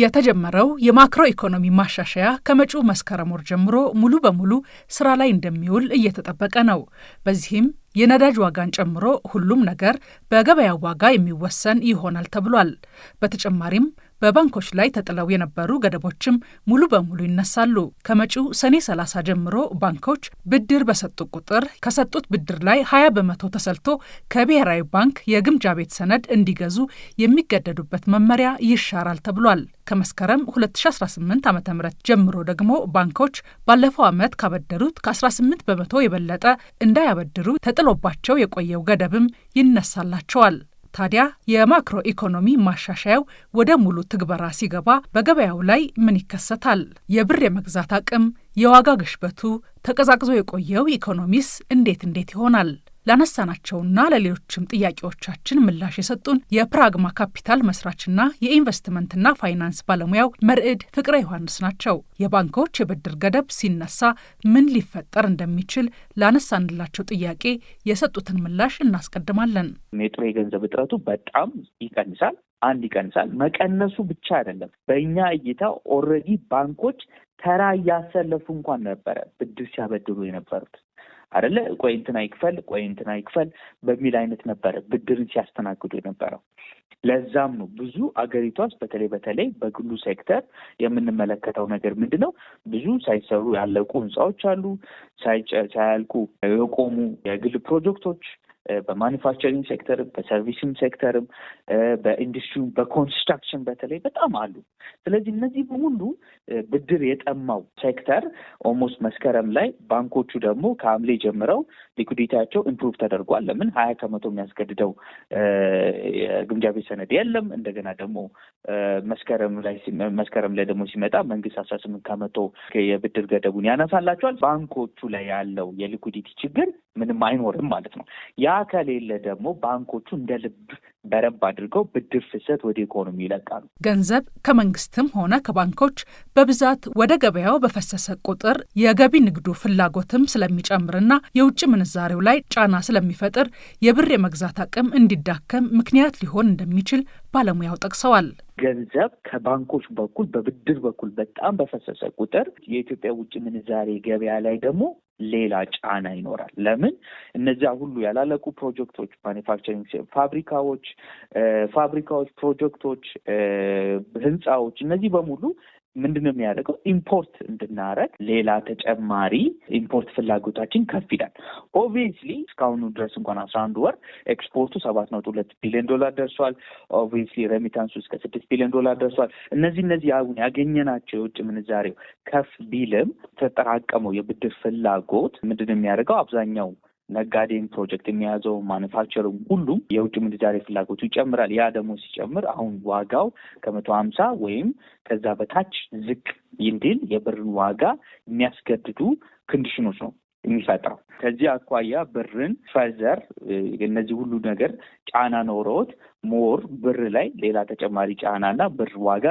የተጀመረው የማክሮ ኢኮኖሚ ማሻሻያ ከመጪው መስከረም ወር ጀምሮ ሙሉ በሙሉ ስራ ላይ እንደሚውል እየተጠበቀ ነው። በዚህም የነዳጅ ዋጋን ጨምሮ ሁሉም ነገር በገበያ ዋጋ የሚወሰን ይሆናል ተብሏል። በተጨማሪም በባንኮች ላይ ተጥለው የነበሩ ገደቦችም ሙሉ በሙሉ ይነሳሉ። ከመጪው ሰኔ 30 ጀምሮ ባንኮች ብድር በሰጡ ቁጥር ከሰጡት ብድር ላይ 20 በመቶ ተሰልቶ ከብሔራዊ ባንክ የግምጃ ቤት ሰነድ እንዲገዙ የሚገደዱበት መመሪያ ይሻራል ተብሏል። ከመስከረም 2018 ዓ ም ጀምሮ ደግሞ ባንኮች ባለፈው ዓመት ካበደሩት ከ18 በመቶ የበለጠ እንዳያበድሩ ተጥሎባቸው የቆየው ገደብም ይነሳላቸዋል። ታዲያ የማክሮ ኢኮኖሚ ማሻሻያው ወደ ሙሉ ትግበራ ሲገባ በገበያው ላይ ምን ይከሰታል? የብር የመግዛት አቅም፣ የዋጋ ግሽበቱ፣ ተቀዛቅዞ የቆየው ኢኮኖሚስ እንዴት እንዴት ይሆናል? ላነሳናቸውና ለሌሎችም ጥያቄዎቻችን ምላሽ የሰጡን የፕራግማ ካፒታል መስራችና የኢንቨስትመንትና ፋይናንስ ባለሙያው መርዕድ ፍቅረ ዮሐንስ ናቸው። የባንኮች የብድር ገደብ ሲነሳ ምን ሊፈጠር እንደሚችል ላነሳንላቸው ጥያቄ የሰጡትን ምላሽ እናስቀድማለን። ሜጥሮ የገንዘብ እጥረቱ በጣም ይቀንሳል። አንድ ይቀንሳል። መቀነሱ ብቻ አይደለም። በእኛ እይታ ኦልሬዲ ባንኮች ተራ እያሰለፉ እንኳን ነበረ ብድር ሲያበድሩ የነበሩት አደለ ቆይ ይክፈል ቆይ ይክፈል በሚል አይነት ነበረ ብድርን ሲያስተናግዱ የነበረው። ለዛም ነው ብዙ አገሪቷ ውስጥ በተለይ በተለይ በግሉ ሴክተር የምንመለከተው ነገር ምንድን ነው? ብዙ ሳይሰሩ ያለቁ ህንፃዎች አሉ፣ ሳያልቁ የቆሙ የግል ፕሮጀክቶች በማኒፋክቸሪንግ ሴክተርም በሰርቪስም ሴክተርም በኢንዱስትሪም በኮንስትራክሽን በተለይ በጣም አሉ። ስለዚህ እነዚህ በሁሉ ብድር የጠማው ሴክተር ኦልሞስት መስከረም ላይ ባንኮቹ ደግሞ ከአምሌ ጀምረው ሊኩዲቲያቸው ኢምፕሩቭ ተደርጓል። ለምን ሀያ ከመቶ የሚያስገድደው የግምጃ ቤት ሰነድ የለም። እንደገና ደግሞ መስከረም ላይ መስከረም ላይ ደግሞ ሲመጣ መንግስት አስራ ስምንት ከመቶ የብድር ገደቡን ያነሳላቸዋል። ባንኮቹ ላይ ያለው የሊኩዲቲ ችግር ምንም አይኖርም ማለት ነው። ያ ከሌለ ደግሞ ባንኮቹ እንደ ልብ በረብ አድርገው ብድር ፍሰት ወደ ኢኮኖሚ ይለቃሉ። ገንዘብ ከመንግስትም ሆነ ከባንኮች በብዛት ወደ ገበያው በፈሰሰ ቁጥር የገቢ ንግዱ ፍላጎትም ስለሚጨምርና የውጭ ምንዛሬው ላይ ጫና ስለሚፈጥር የብር የመግዛት አቅም እንዲዳከም ምክንያት ሊሆን እንደሚችል ባለሙያው ጠቅሰዋል። ገንዘብ ከባንኮች በኩል በብድር በኩል በጣም በፈሰሰ ቁጥር የኢትዮጵያ ውጭ ምንዛሬ ገበያ ላይ ደግሞ ሌላ ጫና ይኖራል። ለምን እነዚያ ሁሉ ያላለቁ ፕሮጀክቶች፣ ማኒፋክቸሪንግ ፋብሪካዎች ፋብሪካዎች፣ ፕሮጀክቶች፣ ህንፃዎች እነዚህ በሙሉ ምንድን ነው የሚያደርገው? ኢምፖርት እንድናረግ ሌላ ተጨማሪ ኢምፖርት ፍላጎታችን ከፍ ይላል። ኦብቪየስሊ እስካሁኑ ድረስ እንኳን አስራ አንድ ወር ኤክስፖርቱ ሰባት ነጥብ ሁለት ቢሊዮን ዶላር ደርሷል። ኦብቪየስሊ ሬሚታንሱ እስከ ስድስት ቢሊዮን ዶላር ደርሷል። እነዚህ እነዚህ አሁን ያገኘናቸው የውጭ ምንዛሬው ከፍ ቢልም ተጠራቀመው የብድር ፍላጎት ምንድን ነው የሚያደርገው አብዛኛው ነጋዴን ፕሮጀክት የሚያዘው ማኑፋክቸርም ሁሉም የውጭ ምንዛሬ ፍላጎቱ ይጨምራል። ያ ደግሞ ሲጨምር አሁን ዋጋው ከመቶ ሀምሳ ወይም ከዛ በታች ዝቅ እንዲል የብርን ዋጋ የሚያስገድዱ ኮንዲሽኖች ነው የሚፈጥረው። ከዚህ አኳያ ብርን ፈዘር እነዚህ ሁሉ ነገር ጫና ኖሮት ሞር ብር ላይ ሌላ ተጨማሪ ጫና እና ብር ዋጋ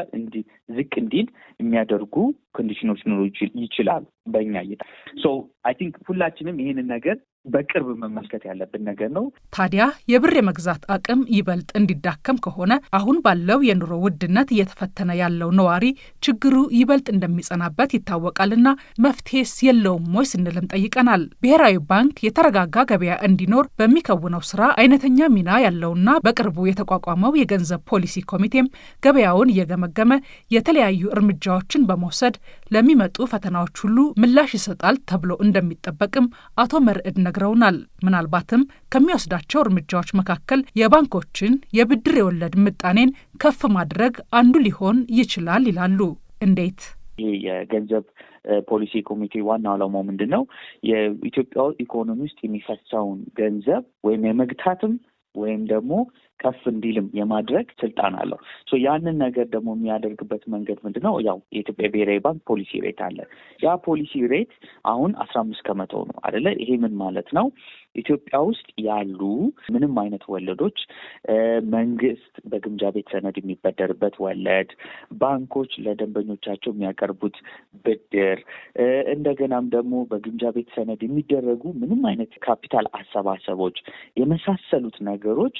ዝቅ እንዲል የሚያደርጉ ኮንዲሽኖች ኖሮ ይችላሉ። በእኛ እይታ ሶ አይ ቲንክ ሁላችንም ይህንን ነገር በቅርብ መመልከት ያለብን ነገር ነው። ታዲያ የብር የመግዛት አቅም ይበልጥ እንዲዳከም ከሆነ አሁን ባለው የኑሮ ውድነት እየተፈተነ ያለው ነዋሪ ችግሩ ይበልጥ እንደሚጸናበት ይታወቃልና መፍትሄስ የለውም ወይ ስንልም ጠይቀናል። ብሔራዊ ባንክ የተረጋጋ ገበያ እንዲኖር በሚከውነው ስራ አይነተኛ ሚና ያለውና በቅርቡ የተቋቋመው የገንዘብ ፖሊሲ ኮሚቴም ገበያውን እየገመገመ የተለያዩ እርምጃዎችን በመውሰድ ለሚመጡ ፈተናዎች ሁሉ ምላሽ ይሰጣል ተብሎ እንደሚጠበቅም አቶ መርዕድ ነግረውናል። ምናልባትም ከሚወስዳቸው እርምጃዎች መካከል የባንኮችን የብድር የወለድ ምጣኔን ከፍ ማድረግ አንዱ ሊሆን ይችላል ይላሉ። እንዴት? ይሄ የገንዘብ ፖሊሲ ኮሚቴ ዋና ዓላማው ምንድን ነው? የኢትዮጵያ ኢኮኖሚ ውስጥ የሚፈሰውን ገንዘብ ወይም የመግታትም ወይም ደግሞ ከፍ እንዲልም የማድረግ ስልጣን አለው። ያንን ነገር ደግሞ የሚያደርግበት መንገድ ምንድን ነው? ያው የኢትዮጵያ ብሔራዊ ባንክ ፖሊሲ ሬት አለ። ያ ፖሊሲ ሬት አሁን አስራ አምስት ከመቶ ነው አደለ? ይሄ ምን ማለት ነው? ኢትዮጵያ ውስጥ ያሉ ምንም አይነት ወለዶች መንግስት በግምጃ ቤት ሰነድ የሚበደርበት ወለድ፣ ባንኮች ለደንበኞቻቸው የሚያቀርቡት ብድር፣ እንደገናም ደግሞ በግምጃ ቤት ሰነድ የሚደረጉ ምንም አይነት ካፒታል አሰባሰቦች የመሳሰሉት ነገሮች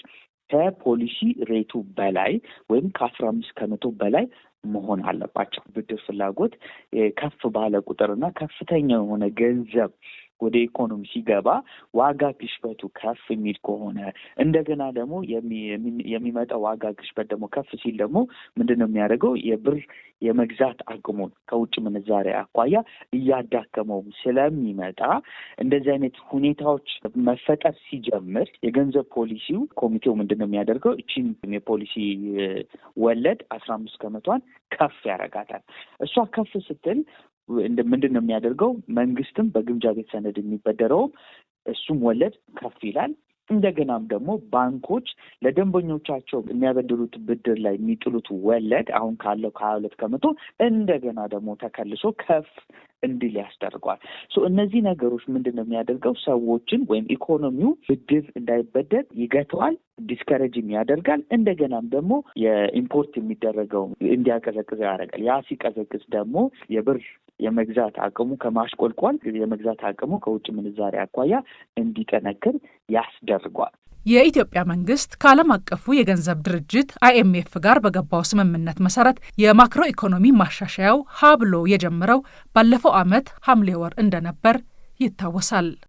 ከፖሊሲ ሬቱ በላይ ወይም ከአስራ አምስት ከመቶ በላይ መሆን አለባቸው። ብድር ፍላጎት ከፍ ባለ ቁጥርና ከፍተኛ የሆነ ገንዘብ ወደ ኢኮኖሚ ሲገባ ዋጋ ግሽበቱ ከፍ የሚል ከሆነ እንደገና ደግሞ የሚመጣው ዋጋ ግሽበት ደግሞ ከፍ ሲል ደግሞ ምንድን ነው የሚያደርገው የብር የመግዛት አቅሙን ከውጭ ምንዛሪ አኳያ እያዳከመው ስለሚመጣ እንደዚህ አይነት ሁኔታዎች መፈጠር ሲጀምር የገንዘብ ፖሊሲው ኮሚቴው ምንድን ነው የሚያደርገው እቺን የፖሊሲ ወለድ አስራ አምስት ከመቷን ከፍ ያደርጋታል። እሷ ከፍ ስትል ምንድን ነው የሚያደርገው? መንግስትም በግምጃ ቤት ሰነድ የሚበደረውም እሱም ወለድ ከፍ ይላል። እንደገናም ደግሞ ባንኮች ለደንበኞቻቸው የሚያበድሩት ብድር ላይ የሚጥሉት ወለድ አሁን ካለው ከሀያ ሁለት ከመቶ እንደገና ደግሞ ተከልሶ ከፍ እንዲል ያስደርገዋል። እነዚህ ነገሮች ምንድን ነው የሚያደርገው? ሰዎችን ወይም ኢኮኖሚው ብድር እንዳይበደር ይገተዋል፣ ዲስከረጅም ያደርጋል። እንደገናም ደግሞ የኢምፖርት የሚደረገው እንዲያቀዘቅዝ ያደርጋል። ያ ሲቀዘቅዝ ደግሞ የብር የመግዛት አቅሙ ከማሽቆልቆል የመግዛት አቅሙ ከውጭ ምንዛሬ አኳያ እንዲጠነክር ያስደርጓል። የኢትዮጵያ መንግስት ከዓለም አቀፉ የገንዘብ ድርጅት አይኤምኤፍ ጋር በገባው ስምምነት መሰረት የማክሮ ኢኮኖሚ ማሻሻያው ሀብሎ ብሎ የጀመረው ባለፈው ዓመት ሐምሌ ወር እንደነበር ይታወሳል።